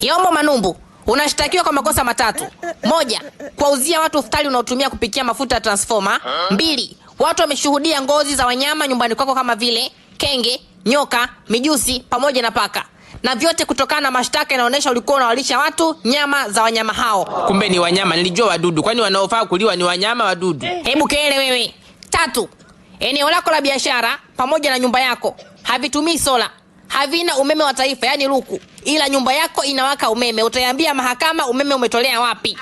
Yombo Manumbu unashtakiwa kwa makosa matatu: moja, kuwauzia watu futari unaotumia kupikia mafuta ya transfoma; mbili, watu wameshuhudia ngozi za wanyama nyumbani kwako kama vile kenge, nyoka, mijusi pamoja na paka, na vyote kutokana na mashtaka yanaonyesha ulikuwa unawalisha watu nyama za wanyama hao. Kumbe ni wanyama, nilijua wadudu, kwani wanaofaa kuliwa ni wanyama wadudu? Hebu kele wewe. Tatu, eneo lako la biashara pamoja na nyumba yako havitumii sola havina umeme wa taifa, yani luku, ila nyumba yako inawaka umeme, utaiambia mahakama umeme umetolea wapi?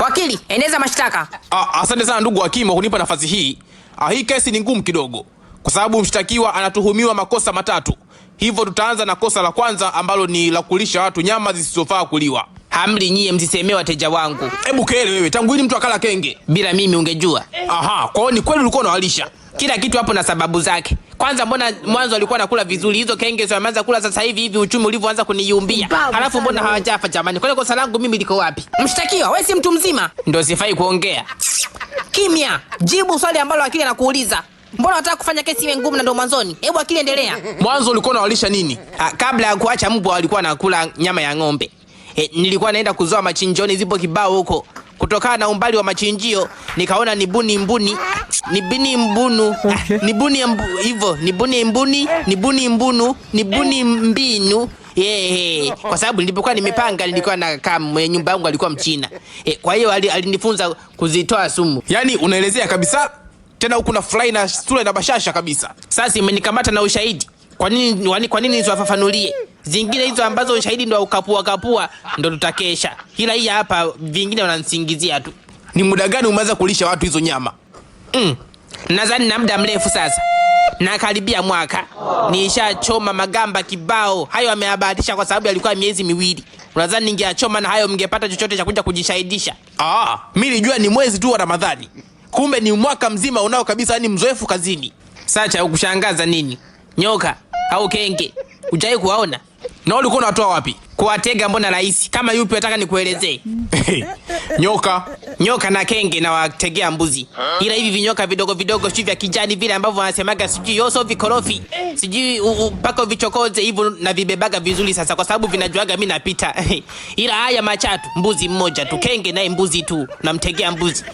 Wakili, eneza mashtaka. Asante sana ndugu hakimu kunipa nafasi hii. Ah, hii kesi ni ngumu kidogo kwa sababu mshtakiwa anatuhumiwa makosa matatu. Hivyo tutaanza na kosa la kwanza ambalo ni la kulisha watu nyama zisizofaa kuliwa. Hamli nyie, msisemee wateja wangu. Hebu kele wewe, tangu lini mtu akala kenge? Bila mimi ungejua. Aha, kwa hiyo ni kweli ulikuwa unawalisha. Kila kitu hapo na sababu zake. Kwanza mbona mwanzo alikuwa anakula vizuri, hizo kenge sio ameanza kula sasa hivi hivi, uchumi ulivyoanza kuniumbia. Halafu mbona hawajafa jamani? Kwani kosa langu mimi liko wapi? Mshtakiwa, wewe si mtu mzima? Ndio sifai kuongea. Kimya, jibu swali ambalo akili anakuuliza. Mbona unataka kufanya kesi iwe ngumu na ndo mwanzoni? Hebu akili endelea. Mwanzo ulikuwa unawalisha nini? A, ah, kabla ya kuacha mbwa alikuwa anakula nyama ya ng'ombe. E, nilikuwa naenda kuzoa machinjoni, zipo kibao huko kutokana na umbali wa machinjio nikaona nibuni mbuni bini mbunu ni buni hivyo buni mbuni nibuni mbunu nibuni mbinu Yeah, yeah. Kwa sababu nilipokuwa nimepanga nilikuwa na kama mwenye nyumba yangu alikuwa Mchina yeah, kwa hiyo alinifunza kuzitoa sumu. Yaani unaelezea kabisa tena huku na fly na sura na bashasha kabisa. Sasa imenikamata na ushahidi. Kwa nini kwa nini nisiwafafanulie? Zingine hizo ambazo ushahidi ndo ukapua kapua ndo tutakesha. Ila hii hapa vingine wanansingizia tu. Ni muda gani umeanza kulisha watu hizo nyama? Mm. Nadhani na muda mrefu sasa. Na karibia mwaka. Nishachoma magamba kibao. Hayo ameabahatisha kwa sababu yalikuwa miezi miwili. Unadhani ningeachoma na hayo mngepata chochote cha kuja kujishahidisha? Ah, mimi nilijua ni mwezi tu wa Ramadhani. Kumbe ni mwaka mzima unao kabisa, yani mzoefu kazini. Sacha ukushangaza nini? Nyoka au kenge? Ujai kuwaona na ulikuwa unatoa wapi? Kuwatega mbona rahisi? Kama yupi nataka nikuelezee. Nyoka, nyoka na kenge na wategea mbuzi, ila hivi vinyoka vidogo vidogo, sio vya kijani vile ambavyo wanasemaga sijui yoso vikorofi, sijui mpaka vichokoze hivyo, na vibebaga vizuri sasa, kwa sababu vinajuaga mimi napita. Ila haya machatu, mbuzi mmoja tu, kenge naye mbuzi tu, namtegea mbuzi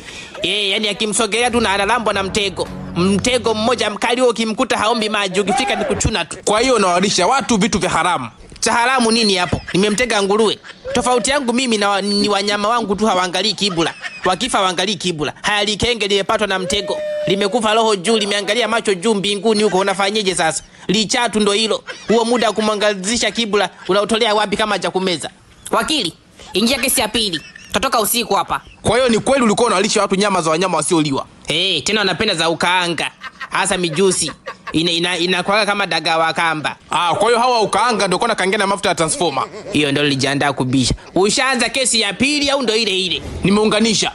eh, yani akimsogelea tu na analambwa na mtego mtego mmoja mkali huo, ukimkuta haombi maji, ukifika ni kuchuna tu. Kwa hiyo unawalisha watu vitu vya haramu. Cha haramu nini hapo? Nimemtega nguruwe. Tofauti yangu mimi na ni wanyama wangu tu hawaangalii kibula, wakifa hawaangalii kibula. Haya, likenge limepatwa na mtego, limekufa roho juu, limeangalia macho juu mbinguni huko. Unafanyeje sasa? Lichatu ndo hilo. Huo muda wa kumwangazisha kibula unaotolea wapi kama cha kumeza? Wakili, ingia kesi ya pili, tatoka usiku hapa. Kwa hiyo ni kweli ulikuwa unawalisha watu nyama za wanyama wasioliwa? Hey, eh, tena wanapenda za ukaanga hasa mijusi inakwaga ina, ina kama daga wa kamba. Ah, kwa hiyo hawa ukaanga ndio kona kaangana na mafuta ya transformer. Hiyo ndio nilijiandaa kubisha. Ushaanza kesi ya pili au ndio ile ile? Nimeunganisha.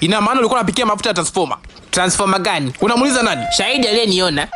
Ina maana ulikuwa unapikia mafuta ya transformer. Transformer gani? Unamuuliza nani? Shahidi aliyeniona.